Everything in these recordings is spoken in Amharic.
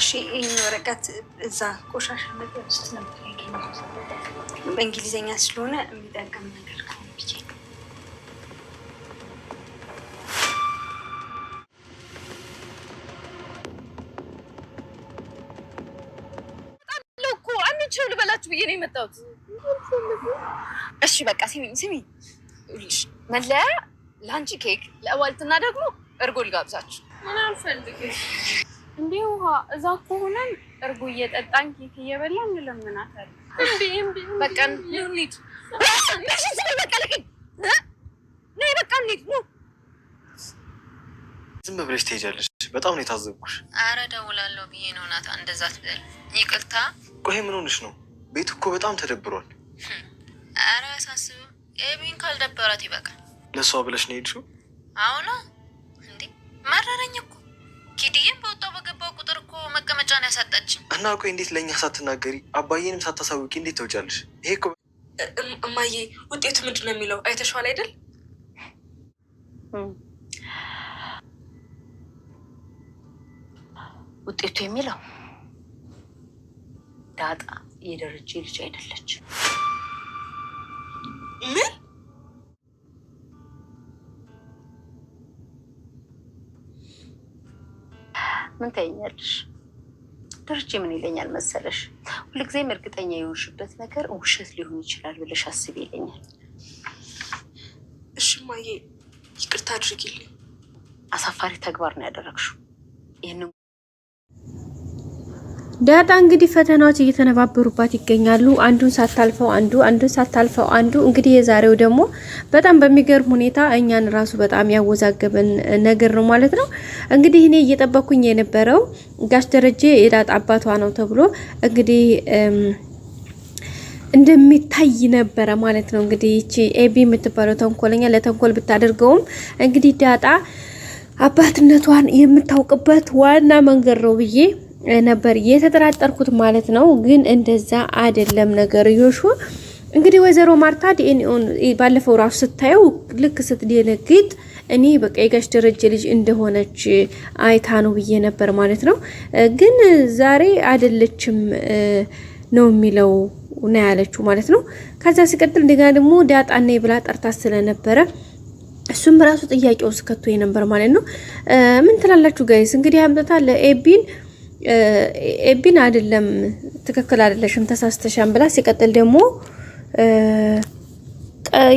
እሺ ይህን ወረቀት እዛ ቆሻሻ ነገር ውስጥ ነበር ያገኘሁት። በእንግሊዝኛ ስለሆነ የሚጠቅም ነገር ካለ ብዬ ቸው ልበላችሁ ብዬ ነው የመጣሁት። እሺ በቃ ስሚኝ ስሚኝ፣ መለያ ለአንቺ ኬክ፣ ለእዋልትና ደግሞ እርጎ ልጋብዛችሁ ምን አልፈልግም እንዴ ውሃ እዛ ከሆነን እርጎ እየጠጣን ኬክ እየበላ እንለምናታለን። በቃ ዝም ብለሽ ትሄጃለሽ። በጣም ነው የታዘብኩሽ። አረ ደውላለሁ ብዬ ነው ናታ፣ እንደዛ ትበል። ይቅርታ። ቆይ ምን ሆንሽ ነው? ቤት እኮ በጣም ተደብሯል። አረ አያሳስብም። ኤቢን ካልደበራት ይበቃል። ለእሷ ብለሽ ነው የሄድሽው? አሁን እንዴ መረረኝ እኮ ኪድዬም በወጣው በገባው ቁጥር እኮ መቀመጫን ያሳጣች እና እኮ እንዴት ለእኛ ሳትናገሪ አባዬንም ሳታሳውቂ እንዴት ተውጫለሽ? ይሄ እኮ እማዬ ውጤቱ ምንድን ነው የሚለው አይተሸዋል አይደል? ውጤቱ የሚለው ዳጣ የደረጀ ልጅ አይደለች ምን ምን ታይኛለሽ? ተርቼ ምን ይለኛል መሰለሽ? ሁልጊዜም እርግጠኛ የሆንሽበት ነገር ውሸት ሊሆን ይችላል ብለሽ አስብ ይለኛል። እሽማዬ ይቅርታ አድርጊልኝ። አሳፋሪ ተግባር ነው ያደረግሽው ይህንን ዳጣ እንግዲህ ፈተናዎች እየተነባበሩባት ይገኛሉ። አንዱን ሳታልፈው አንዱ አንዱን ሳታልፈው አንዱ። እንግዲህ የዛሬው ደግሞ በጣም በሚገርም ሁኔታ እኛን ራሱ በጣም ያወዛገበን ነገር ነው ማለት ነው። እንግዲህ እኔ እየጠበኩኝ የነበረው ጋሽ ደረጀ የዳጣ አባቷ ነው ተብሎ እንግዲህ እንደሚታይ ነበረ ማለት ነው። እንግዲህ ይቺ ኤቢ የምትባለው ተንኮለኛ ለተንኮል ብታደርገውም እንግዲህ ዳጣ አባትነቷን የምታውቅበት ዋና መንገድ ነው ብዬ ነበር የተጠራጠርኩት ማለት ነው። ግን እንደዛ አይደለም ነገር ዮሹ እንግዲህ ወይዘሮ ማርታ ዲኤንኤውን ባለፈው ራሱ ስታየው ልክ ስትደነግጥ እኔ በቃ የጋሽ ደረጀ ልጅ እንደሆነች አይታ ነው ብዬ ነበር ማለት ነው። ግን ዛሬ አይደለችም ነው የሚለው ና ያለችው ማለት ነው። ከዛ ሲቀጥል እንደገና ደግሞ ዳጣና ብላ ጠርታ ስለነበረ እሱም ራሱ ጥያቄው ስከቶ ነበር ማለት ነው። ምን ትላላችሁ ጋይስ? እንግዲህ አምጥታ ለኤቢን ኤቢን አይደለም ትክክል አይደለሽም ተሳስተሻም ብላ ሲቀጥል ደግሞ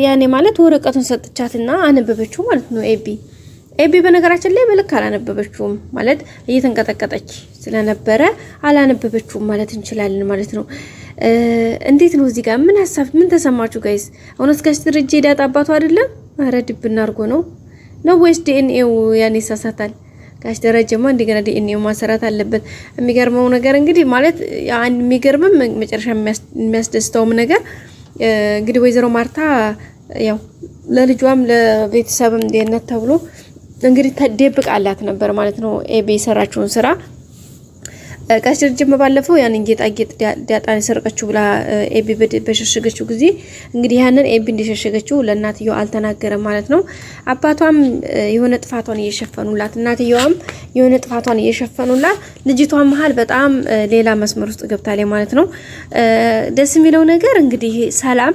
ያኔ ማለት ወረቀቱን ሰጥቻትና አነበበችው ማለት ነው ኤቢ ኤቢ በነገራችን ላይ በልክ አላነበበችውም ማለት እየተንቀጠቀጠች ስለነበረ አላነበበችውም ማለት እንችላለን ማለት ነው። እንዴት ነው እዚህ ጋር ምን ሀሳብ ምን ተሰማችሁ ጋይስ? እውነት ጋሽ ድርጅ ዳጣ አባቱ አይደለም? ረድብ ድብና አድርጎ ነው ነው ወይስ ዲኤንኤው ያኔ ይሳሳታል? ጋሽ ደረጀማ እንደገና ዲኤንኤ ማሰራት አለበት። የሚገርመው ነገር እንግዲህ ማለት የሚገርምም መጨረሻ የሚያስደስተውም ነገር እንግዲህ ወይዘሮ ማርታ ያው ለልጇም ለቤተሰብም ደህንነት ተብሎ እንግዲህ ደብቃላት ነበር ማለት ነው ኤቢ የሰራችውን ስራ ቀሲር ጅም ባለፈው ያንን ጌጣጌጥ ዳጣን የሰርቀችው ብላ ኤቢ በሸሸገችው ጊዜ እንግዲህ ያንን ኤቢ እንደሸሸገችው ለእናትየው አልተናገረ ማለት ነው። አባቷም የሆነ ጥፋቷን እየሸፈኑላት፣ እናትየዋም የሆነ ጥፋቷን እየሸፈኑላት፣ ልጅቷ መሀል በጣም ሌላ መስመር ውስጥ ገብታለች ማለት ነው። ደስ የሚለው ነገር እንግዲህ ሰላም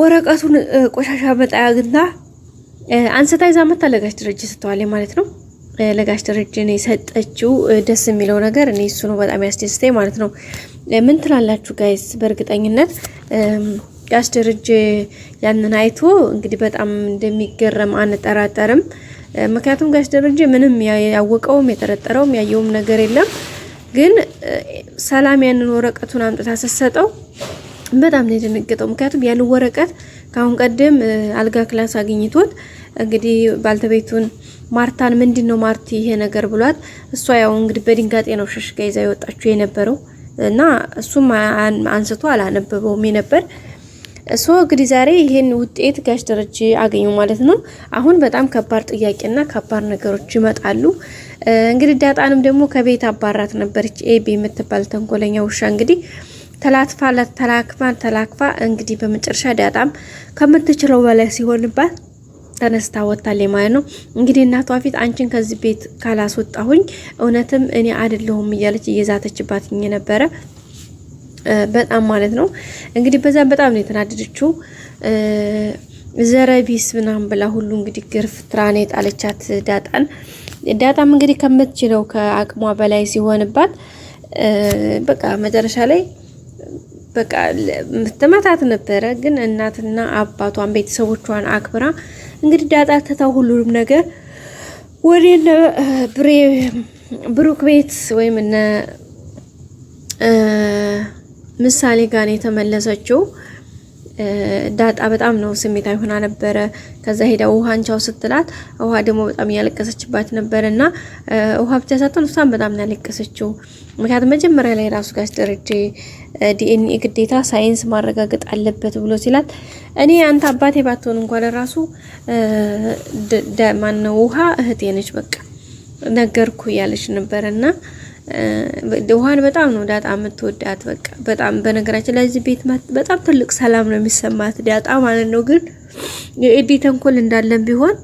ወረቀቱን ቆሻሻ መጣያ ግንታ አንስታ ይዛ መታለጋች ድርጅት ስተዋለ ማለት ነው። ለጋሽ ደረጀን የሰጠችው ደስ የሚለው ነገር እኔ እሱ ነው በጣም ያስደስተኝ ማለት ነው። ምን ትላላችሁ ጋይስ? በእርግጠኝነት ጋሽ ደረጀ ያንን አይቶ እንግዲህ በጣም እንደሚገረም አንጠራጠርም። ምክንያቱም ጋሽ ደረጀ ምንም ያወቀውም የጠረጠረውም ያየውም ነገር የለም። ግን ሰላም ያንን ወረቀቱን አምጥታ ስትሰጠው በጣም ነው የደነገጠው። ምክንያቱም ያንን ወረቀት ከአሁን ቀደም አልጋ ክላስ አግኝቶት እንግዲህ ባልተቤቱን ማርታን ምንድን ነው ማርቲ ይሄ ነገር ብሏት፣ እሷ ያው እንግዲህ በድንጋጤ ነው ሸሽጋ ይዛ የወጣችው የነበረው እና እሱም አንስቶ አላነበበውም የነበር እሶ እንግዲህ ዛሬ ይሄን ውጤት ጋሽ ደረጀ አገኙ ማለት ነው። አሁን በጣም ከባድ ጥያቄና ከባድ ነገሮች ይመጣሉ። እንግዲህ ዳጣንም ደግሞ ከቤት አባራት ነበረች ኤቢ የምትባል ተንኮለኛ ውሻ እንግዲህ ተላትፋ ተላክፋ ተላክፋ እንግዲህ በመጨረሻ ዳጣም ከምትችለው በላይ ሲሆንባት ተነስታ ወጥታለች ማለት ነው። እንግዲህ እናቷ ፊት አንቺን ከዚህ ቤት ካላስወጣሁኝ እውነትም እኔ አይደለሁም እያለች እየዛተችባት ነበረ በጣም ማለት ነው። እንግዲህ በዛም በጣም ነው የተናደደችው። ዘረቢስ ምናምን ብላ ሁሉ እንግዲህ ግርፍ ትራኔ ጣለቻት ዳጣን። ዳጣም እንግዲህ ከምትችለው ከአቅሟ በላይ ሲሆንባት በቃ መጨረሻ ላይ በቃ ትመታት ነበረ። ግን እናትና አባቷን ቤተሰቦቿን አክብራ እንግዲህ ዳጣ ተታው ሁሉንም ነገር ወደ እነ ብሬ ብሩክ ቤት ወይም እነ ምሳሌ ጋር የተመለሰችው ዳጣ በጣም ነው ስሜታዊ ሆና ነበረ። ከዛ ሄዳ ውሃን ቻው ስትላት ውሃ ደግሞ በጣም እያለቀሰችባት ነበር እና ውሃ ብቻ ሳትሆን እሷን በጣም ነው ያለቀሰችው። ምክንያቱም መጀመሪያ ላይ ራሱ ጋሽ ደረጀ ዲኤንኤ ግዴታ ሳይንስ ማረጋገጥ አለበት ብሎ ሲላት እኔ አንተ አባቴ ባትሆን እንኳን ራሱ ማነው ውሃ እህቴ ነች በቃ ነገርኩ እያለች ነበረ እና ውሃን በጣም ነው ዳጣ የምትወዳት። በቃ በጣም በነገራችን ላይ እዚህ ቤት በጣም ትልቅ ሰላም ነው የሚሰማት ዳጣ ማለት ነው። ግን የኤዲ ተንኮል እንዳለን ቢሆን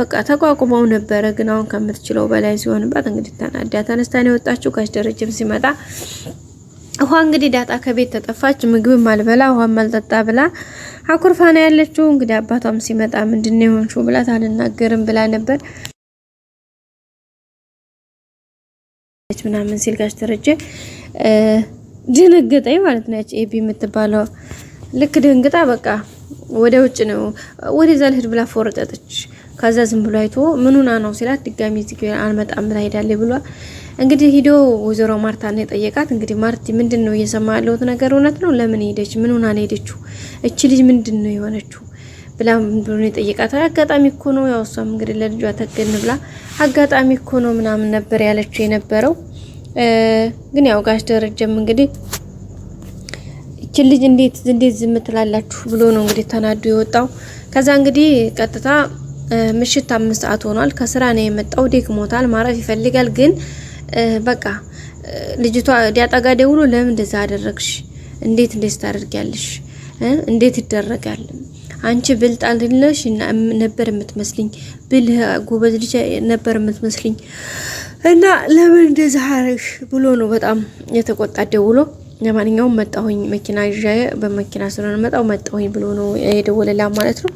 በቃ ተቋቁመው ነበረ። ግን አሁን ከምትችለው በላይ ሲሆንባት እንግዲህ ተናዳ ተነስታን የወጣችው ጋሽ ደረጀም ሲመጣ ውሃ እንግዲህ ዳጣ ከቤት ተጠፋች፣ ምግብ አልበላ ውሃ አልጠጣ ብላ አኩርፋና ያለችው። እንግዲህ አባቷም ሲመጣ ምንድን ነው የሆንሽው ብላት አልናገርም ብላ ነበር። መጣች ምናምን ሲል ጋሽ ደረጀ ደነገጠኝ ማለት ነው። ያች ኤቢ የምትባለው ልክ ደንግጣ በቃ ወደ ውጭ ነው ወደዛ ልሂድ ብላ ፎረጠጠች። ከዛ ዝም ብሎ አይቶ ምኑና ነው ሲላት ድጋሚ እዚህ አልመጣም ብላ ሄዳለች ብሏ እንግዲህ ሂዶ ወይዘሮ ማርታ ነው የጠየቃት። እንግዲህ ማርቲ ምንድን ነው እየሰማ ያለሁት ነገር እውነት ነው? ለምን ሄደች? ምኑና ነው ሄደችው? እቺ ልጅ ምንድን ነው የሆነችው? ብላ ብሩን የጠየቃታል። አጋጣሚ እኮ ነው ያው እሷም እንግዲህ ለልጇ ተገን ብላ አጋጣሚ እኮ ነው ምናምን ነበር ያለችው የነበረው። ግን ያው ጋሽ ደረጀም እንግዲህ ይችን ልጅ እንዴት እንዴት ዝም ትላላችሁ ብሎ ነው እንግዲህ ተናዱ የወጣው። ከዛ እንግዲህ ቀጥታ ምሽት አምስት ሰዓት ሆኗል። ከስራ ነው የመጣው። ደክሞታል፣ ማረፍ ይፈልጋል። ግን በቃ ልጅቷ ዲያጣ ደውሎ ለምን እንደዛ አደረግሽ? እንዴት እንዴት ታደርጊያለሽ? እንዴት ይደረጋል አንቺ ብልጥ አይደለሽ ነበር የምትመስልኝ፣ ብልህ ጎበዝ ልጅ ነበር የምትመስልኝ እና ለምን እንደዚህ አደረግሽ ብሎ ነው በጣም የተቆጣ ደውሎ። ለማንኛውም መጣሁኝ መኪና ይዤ በመኪና ስለሆነ መጣሁ መጣሁኝ ብሎ ነው የደወለላ ማለት ነው።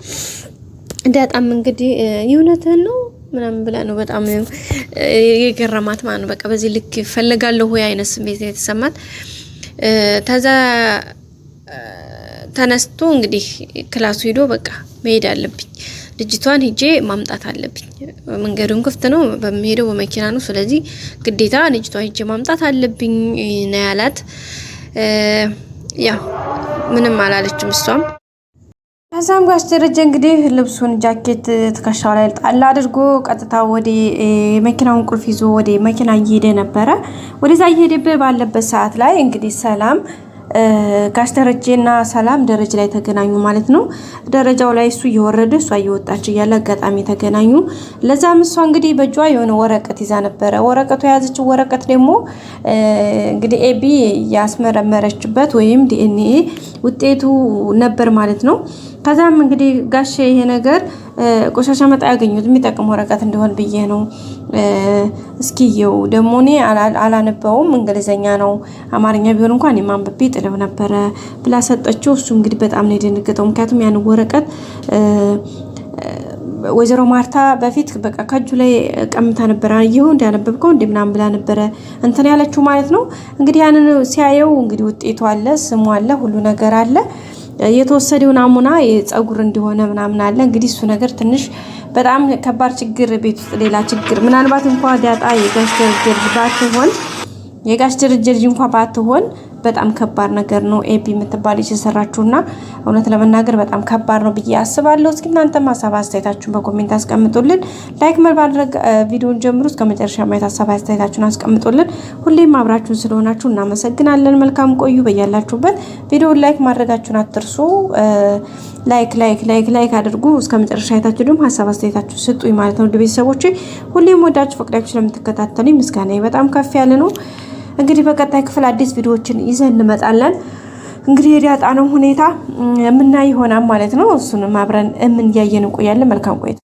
እንዳጣም እንግዲህ የእውነትህን ነው ምናምን ብላ ነው በጣም የገረማት ማለት ነው። በቃ በዚህ ልክ ፈለጋለሁ ወይ አይነት ስሜት የተሰማት ተዛ ተነስቶ እንግዲህ ክላሱ ሂዶ በቃ መሄድ አለብኝ፣ ልጅቷን ሂጄ ማምጣት አለብኝ። መንገዱን ክፍት ነው፣ በሚሄደው በመኪና ነው። ስለዚህ ግዴታ ልጅቷን ሂጄ ማምጣት አለብኝ ነው ያላት። ያው ምንም አላለችም እሷም። ከዛም ጋር አስደረጀ እንግዲህ ልብሱን ጃኬት ትከሻው ላይ ጣል አድርጎ ቀጥታ ወደ መኪናውን ቁልፍ ይዞ ወደ መኪና እየሄደ ነበረ። ወደዛ እየሄደበት ባለበት ሰዓት ላይ እንግዲህ ሰላም ጋሽ ሰላም ደረጃ ላይ ተገናኙ ማለት ነው። ደረጃው ላይ እሱ እየወረደ እሷ እየወጣች እያለ አጋጣሚ ተገናኙ። ለዛም እሷ እንግዲህ በእጇ የሆነ ወረቀት ይዛ ነበረ። ወረቀቱ የያዘችው ወረቀት ደግሞ እንግዲህ ኤቢ ያስመረመረችበት ወይም ዲኤንኤ ውጤቱ ነበር ማለት ነው። ከዛም እንግዲህ ጋሼ ይሄ ነገር ቆሻሻ መጣ ያገኙት የሚጠቅም ወረቀት እንደሆን ብዬ ነው። እስኪየው ደግሞ እኔ አላነበውም፣ እንግሊዘኛ ነው። አማርኛ ቢሆን እንኳን የማንበቤ ጥለው ነበረ ብላ ሰጠችው። እሱ እንግዲህ በጣም ነው የደነገጠው። ምክንያቱም ያን ወረቀት ወይዘሮ ማርታ በፊት በቃ ከእጁ ላይ ቀምታ ነበረ። ይሁ እንዲያነበብከው እንዲ ምናምን ብላ ነበረ እንትን ያለችው ማለት ነው። እንግዲህ ያንን ሲያየው እንግዲህ ውጤቱ አለ፣ ስሙ አለ፣ ሁሉ ነገር አለ። የተወሰደው ናሙና የፀጉር እንደሆነ ምናምን አለ። እንግዲህ እሱ ነገር ትንሽ በጣም ከባድ ችግር ቤት ውስጥ ሌላ ችግር ምናልባት እንኳ ዳጣ የጋሽ ድርጅት ባትሆን የጋሽ ድርጅት ልጅ እንኳ ባትሆን በጣም ከባድ ነገር ነው። ኤቢ የምትባል ልጅ የሰራችሁ እና እውነት ለመናገር በጣም ከባድ ነው ብዬ አስባለሁ። እስኪ እናንተ ሀሳብ አስተያየታችሁን በኮሜንት አስቀምጡልን። ላይክ በማድረግ ቪዲዮን ጀምሩ እስከ መጨረሻ ማየት ሀሳብ አስተያየታችሁን አስቀምጡልን። ሁሌም አብራችሁን ስለሆናችሁ እናመሰግናለን። መልካም ቆዩ። በያላችሁበት ቪዲዮን ላይክ ማድረጋችሁን አትርሱ። ላይክ ላይክ ላይክ ላይክ አድርጉ። እስከ መጨረሻ አይታችሁ ደግሞ ሀሳብ አስተያየታችሁ ስጡኝ ማለት ነው። ውድ ሁሌም ወዳችሁ ፈቅዳችሁ ስለምትከታተሉኝ ምስጋና በጣም ከፍ ያለ ነው። እንግዲህ በቀጣይ ክፍል አዲስ ቪዲዮዎችን ይዘን እንመጣለን። እንግዲህ የዳጣ ነው ሁኔታ የምናይ ይሆናል ማለት ነው። እሱንም አብረን የምንያየን እንቆያለን። መልካም ቆይታ